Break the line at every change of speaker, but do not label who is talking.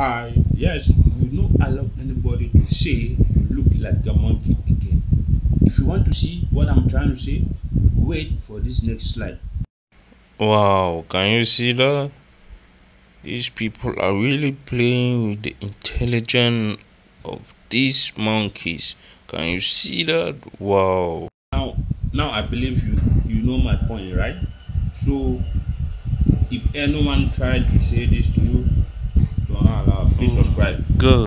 I, yes, you not allow anybody to say you look like a monkey again. If you want to see what I'm trying to say, wait for this next slide.
Wow, can you see that? These people are really playing with the intelligence of these monkeys. Can you see that? Wow.
Now, now I believe you you know my point, right? So, if anyone tried to say this to you,
Please subscribe. Good.